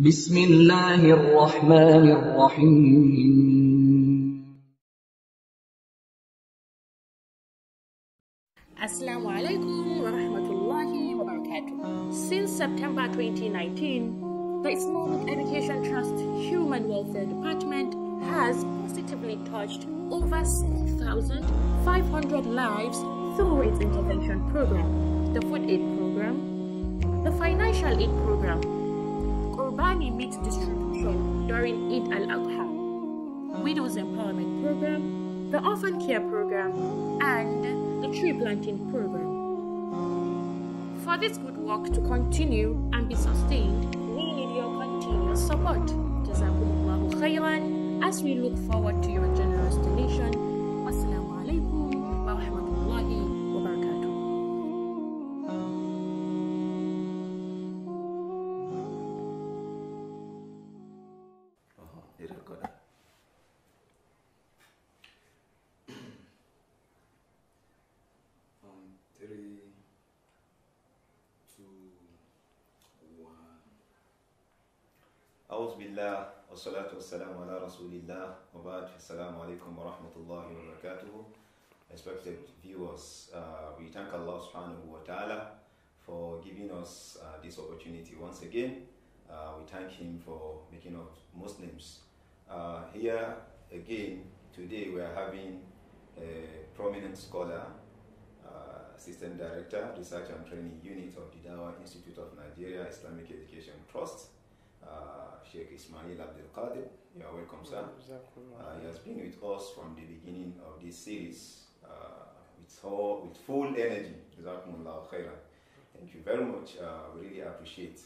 بسم الله الرحمن الرحيم السلام عليكم ورحمة الله وبركاته Since September 2019, the Islamic Education Trust Human Welfare Department has positively touched over 6,500 lives through its intervention program, the food aid program, the financial aid program, Kurbani meat distribution during Eid al Adha, Widows Empowerment Program, the Orphan Care Program, and the Tree Planting Program. For this good work to continue and be sustained, we need your continuous support. Jazakumullahu khairan as we look forward to your generous donation. أعوذ بالله والصلاة والسلام على رسول الله وبعد السلام عليكم ورحمة الله وبركاته Respected viewers, uh, we thank Allah subhanahu wa ta'ala for giving us uh, this opportunity once again. Uh, we thank Him for making us Muslims. Uh, here again, today we are having a prominent scholar, uh, Assistant Director, Research and Training Unit of the Dawa Institute of Nigeria Islamic Education Trust, uh, Sheikh Ismail Abdul Qadir. You are welcome, sir. Uh, he has been with us from the beginning of this series uh, with, all, with full energy. Thank you very much. Uh, we really appreciate.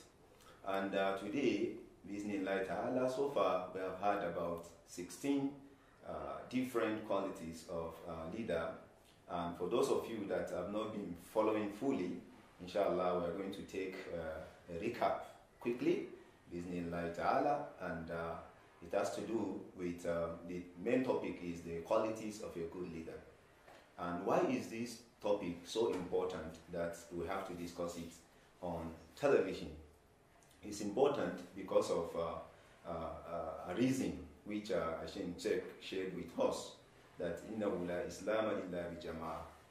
And today, Bismillah Allah. so far we have had about 16 different qualities of leader and for those of you that have not been following fully, inshallah, we're going to take uh, a recap quickly Bismillah Ta'ala, and uh, it has to do with um, the main topic is the qualities of a good leader. And why is this topic so important that we have to discuss it on television? It's important because of uh, uh, uh a reason which uh, Hashem Chek shared with us that inna Islam illa bi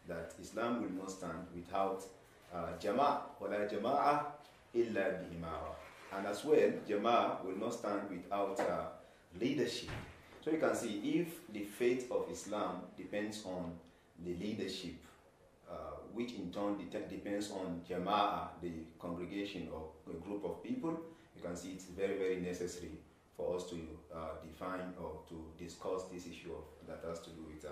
that Islam will not stand without uh, jama' wala jama'a illa bi imara and as well, Jama'ah will not stand without uh, leadership. So you can see if the faith of Islam depends on the leadership, uh, which in turn depends on Jama'ah, uh, the congregation or a group of people, you can see it's very, very necessary for us to uh, define or to discuss this issue of, that has to do with uh,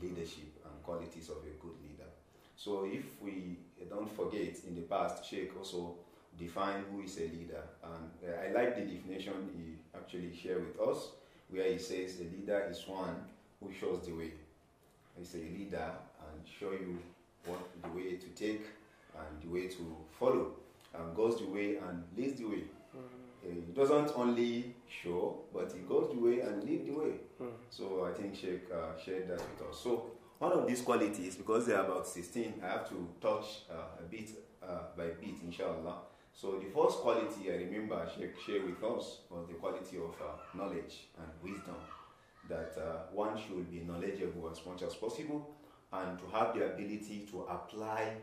leadership and qualities of a good leader. So if we don't forget, in the past, Sheikh also define who is a leader. And uh, I like the definition he actually shared with us, where he says a leader is one who shows the way. He's a leader and show you what the way to take and the way to follow. And goes the way and leads the way. mm He doesn't only show, but he goes the way and leads the way. mm So I think Sheikh uh, shared that with us. So one of these qualities, because they are about 16, I have to touch uh, a bit uh, by bit, inshallah. So the first quality I remember share share with us was the quality of uh, knowledge and wisdom that uh, one should be knowledgeable as much as possible and to have the ability to apply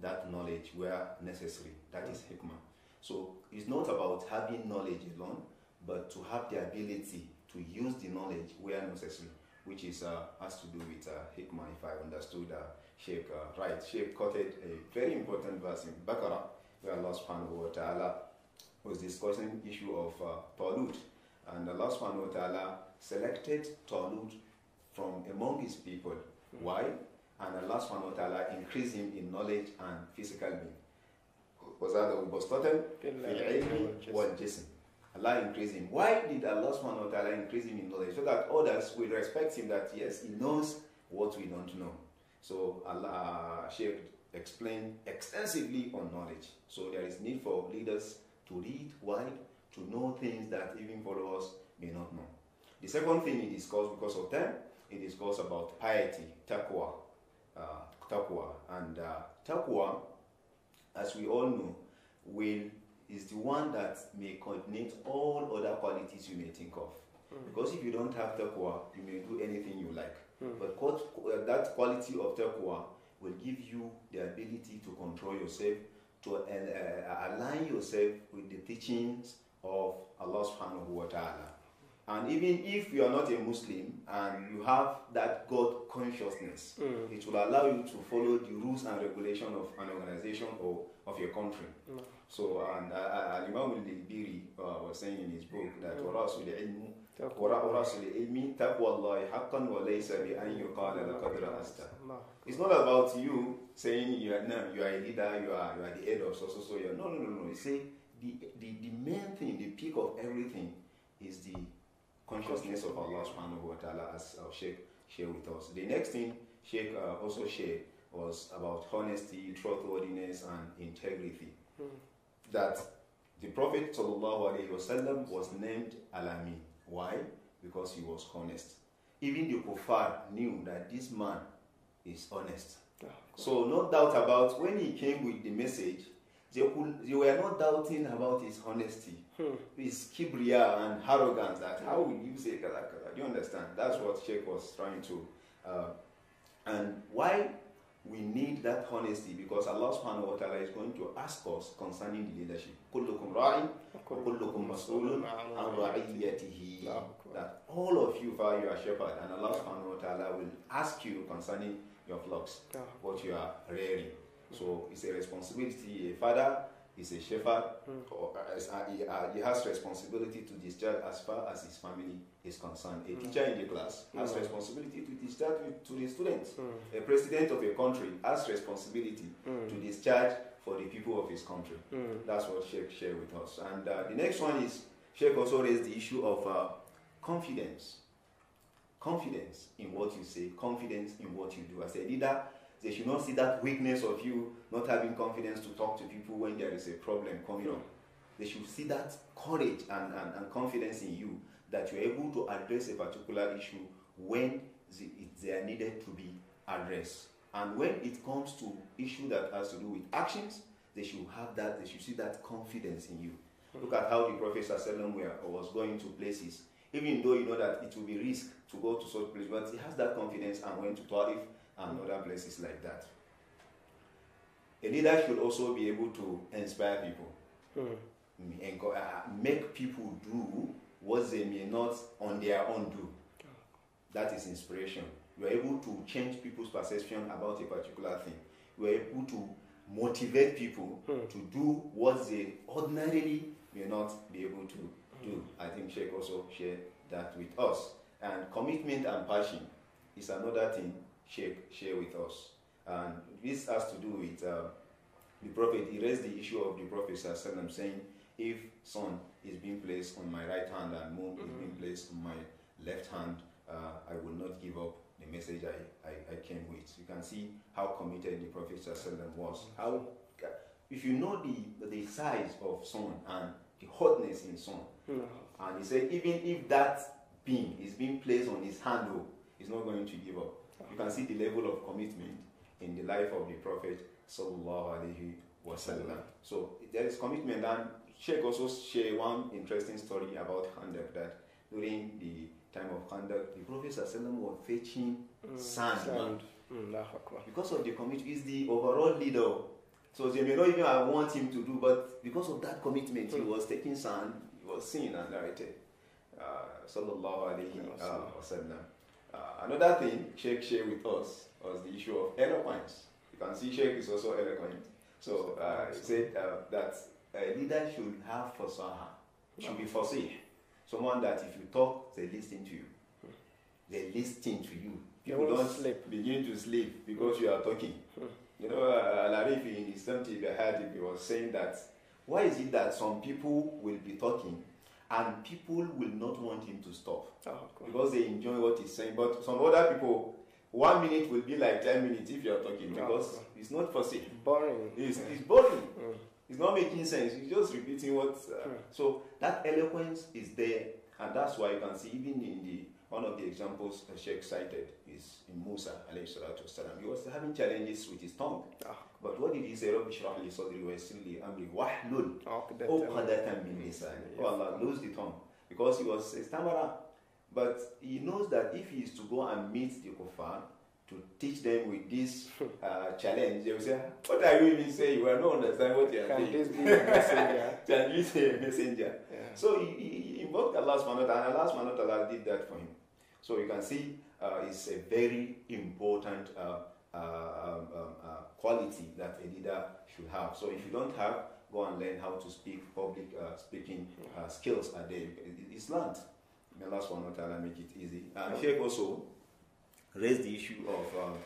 that knowledge where necessary. That is hikmah. So it's not about having knowledge alone, but to have the ability to use the knowledge where necessary, which is uh, has to do with uh, hikmah, if I understood uh, Sheikh uh, right. Sheikh quoted a very important verse in Baqarah where Allah subhanahu wa ta'ala was discussing issue of uh, Talut. And Allah subhanahu wa ta'ala selected Talut from among his people. Mm. Why? And Allah subhanahu wa ta'ala increased him in knowledge and physical being. Was that the العلم والجسم Allah increased him. Why did Allah subhanahu wa ta'ala increase him in knowledge? So that others will respect him that yes, he knows what we don't know. So Allah, uh, Sheikh Explain extensively on knowledge. So there is need for leaders to read wide, to know things that even followers may not know. The second thing he discussed because of them, he discussed about piety, taqwa, uh, taqwa, and uh, taqwa, as we all know, will is the one that may coordinate all other qualities you may think of. Mm. Because if you don't have taqwa, you may do anything you like. Mm. But uh, that quality of taqwa will give you the ability to control yourself, to uh, uh, align yourself with the teachings of Allah subhanahu wa ta'ala. And even if you are not a Muslim and you have that God consciousness, mm. it will allow you to follow the rules and regulation of an organization or of your country. Mm. So, and uh, uh Imam al-Dilbiri uh, was saying in his book that وَرَأْسُ الْعِلْمِ وَرَأْسُ الْعِلْمِ تَقْوَى اللَّهِ حَقًّا وَلَيْسَ بِأَنْ يُقَالَ لَقَدْ رَأَسْتَ It's not about you saying you are, no, you are a leader, you are, you are the head of so, so, so. You are, no, no, no, no. Say the, the, the main thing, the peak of everything is the consciousness of Allah subhanahu wa ta'ala as our Sheikh shared with us. The next thing Sheikh uh, also shared was about honesty, trustworthiness, and integrity. Mm that the Prophet وسلم, was named Alami. Why? Because he was honest. Even the kuffar knew that this man is honest. Oh, so no doubt about when he came with the message, they, could, they were not doubting about his honesty, hmm. his kibria and arrogance. That how would you say kaza Do you understand? That's what Sheikh was trying to. Uh, and why we need that honesty because Allah subhanahu wa ta'ala is going to ask us concerning the leadership. كلكم راعي وكلكم مسؤول عن رعيته. That all of you are your shepherd and Allah subhanahu wa ta'ala will ask you concerning your flocks, what you are rearing. So it's a responsibility a father He's a shepherd, mm. or uh, as, uh, uh, he, has responsibility to discharge as far as his family is concerned. A mm. teacher in the class has hmm. responsibility to discharge with, to the students. Hmm. A president of a country has responsibility hmm. to discharge for the people of his country. That's what Sheikh shared with us. And uh, the next one is Sheikh also raised the issue of uh, confidence. Confidence in what you say, confidence in what you do. As a leader, they should not see that weakness of you not having confidence to talk to people when there is a problem coming up. They should see that courage and, and, and confidence in you that you're able to address a particular issue when they are needed to be addressed. And when it comes to issue that has to do with actions, they should have that, they should see that confidence in you. Look at how the Prophet was going to places even though you know that it will be risk to go to such place, but he has that confidence and went to Tawif and other places like that. A leader should also be able to inspire people, mm. and uh, make people do what they may not on their own do. That is inspiration. You are able to change people's perception about a particular thing. You are able to motivate people mm. to do what they ordinarily may not be able to hmm. do. I think Sheikh also shared that with us. And commitment and passion is another thing share, share with us. And this has to do with uh, the prophet. He raised the issue of the prophet sallam, saying, if sun is being placed on my right hand and moon mm-hmm. is being mm-hmm. placed on my left hand, uh, I will not give up the message I, I, I, came with. You can see how committed the prophet sallam, was. Mm-hmm. How, if you know the, the size of sun and the hotness in sun, mm-hmm. and he said, even if that beam is being placed on his handle, oh, he's not going to give up. You can see the level of commitment in the life of the Prophet sallallahu alaihi wasallam. So there is commitment, and Sheikh also share one interesting story about Khandak that during the time of conduct, the Prophet sallallahu was fetching mm, sand. sand. Mm, because of the commitment, he's the overall leader. So they may not even have want him to do, but because of that commitment, mm. he was taking sand, he was seen and narrated. Uh, sallallahu alaihi wasallam. Uh, another thing Sheikh shared with us was the issue of eloquence. You can see Sheikh is also eloquent. So uh, he said uh, that a leader should have fasaha, should be fasih. Someone that if you talk, they listen to you. They listen to you. People don't sleep. begin to sleep because you are talking. You know, uh, al in his time he was saying that, why is it that some people will be talking and people will not want him to stop oh, because they enjoy what he's saying. But some other people, one minute will be like 10 minutes if you're talking oh, because oh, it's not sale. Boring. It's, yeah. it's boring. Mm. It's not making sense. It's just repeating what. Uh, mm. So that eloquence is there, and that's why you can see even in the one of the examples the Sheikh cited is in Musa والسلام, He was having challenges with his tongue. Ah. But what did he say? Rabbi shrah sadri wa li amri wahlul uqadatan min lisani. Oh Allah, lose the tongue. Because he was a stammerer. But he knows that if he is to go and meet the kuffar, to teach them with this uh, challenge, they will say, What are you even saying? You are not understanding what you are Can saying. This be a messenger? Can this be a messenger? Yeah. So he, he invoked Allah subhanahu wa ta'ala, and Allah subhanahu wa ta'ala did that for him. So you can see uh, it's a very important uh, uh, um, um, uh, quality that a leader should have. So if you don't have, go and learn how to speak public speaking skills A day It's learned. The last one, not ta'ala make it easy. And Sheikh also raise the issue of um,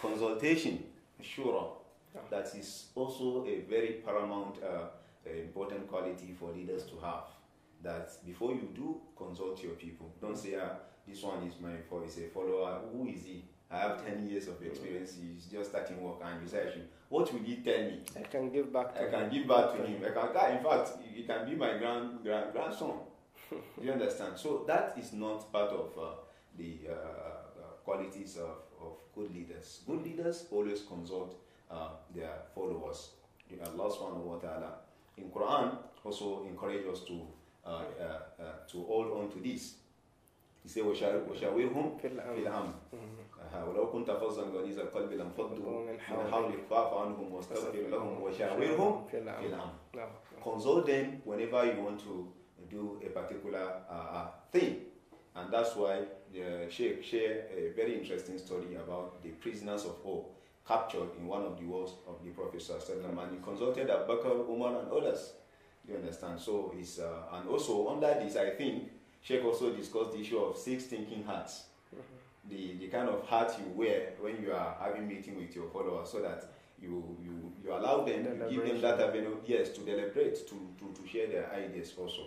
consultation, Sure, that is also a very paramount important quality for leaders to have that before you do consult your people don't say ah, this one is my for is a follower. Who is he? I have 10 years of experience. Mm. He's just starting work and you say, what will he tell me? I can give back to I him. can give back to him. I can, in fact, he can be my grand, grand grandson. Do you understand? So that is not part of uh, the uh, qualities of, of good leaders. Good leaders always consult uh, their followers. Allah one wa In Quran also encourage us to, uh, uh, uh, to hold on to this. He said, وَشَاوِرْهُمْ فِي الْأَمْرِ ولو كنت فظا غليظ القلب لانفضوا من حولك فاعف عنهم واستغفر لهم وشاورهم في الأمر. Consult them whenever you want to do a particular uh, uh thing. And that's why the uh, Sheikh shared a very interesting story about the prisoners of war captured in one of the wars of the Prophet Sallallahu and he consulted Abu Bakr, Umar and others. You understand? So it's, uh, and also under this, I think, Sheikh also discussed the issue of six thinking hats. The, the kind of hat you wear when you are having meeting with your followers so that you, you, you allow them, you give them that avenue, yes, to deliberate, to, to, to share their ideas also.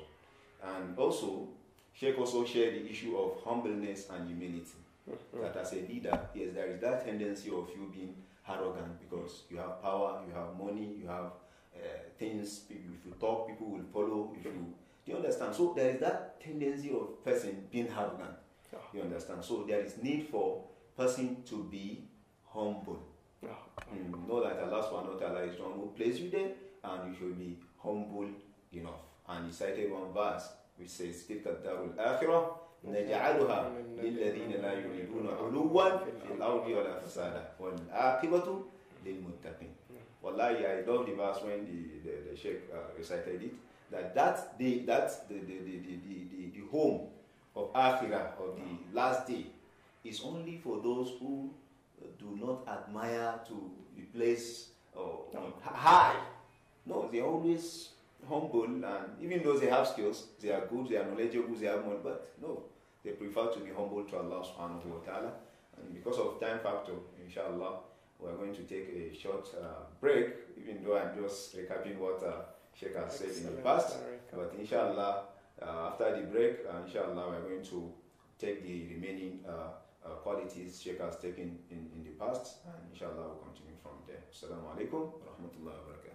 And also, Sheikh also shared the issue of humbleness and humility. Mm-hmm. That as a leader, yes, there is that tendency of you being arrogant because you have power, you have money, you have uh, things. If you talk, people will follow. If you do you understand? So there is that tendency of person being arrogant. Yeah. You understand? So there is need for person to be humble. Yeah. Mm, know that Allah subhanahu wa ta'ala is one who placed you there and you should be humble enough. And he cited one verse which says, تِلْكَ الدَّارُ الْآخِرَةِ نجعلها للذين لا يريدون علوا في الأرض ولا فسادا والعاقبة للمتقين والله I love the verse when the, the, the Sheikh uh, recited it that that day, that the, the, the, the, the, the home of Africa of the last day, is only for those who uh, do not admire to the place or no. high. No, they're always humble, and even though they have skills, they are good, they are knowledgeable, they have money, but no, they prefer to be humble to Allah subhanahu wa ta'ala. And because of time factor, inshallah, we are going to take a short uh, break, even though I'm just recapping what uh, Sheikh has said in the past. But inshallah, uh, after the break, uh, inshallah, we're going to take the remaining uh, uh, qualities Sheikh has taken in, in the past, and inshallah, we'll continue from there. Assalamu alaikum wa rahmatullahi wa barakatuh.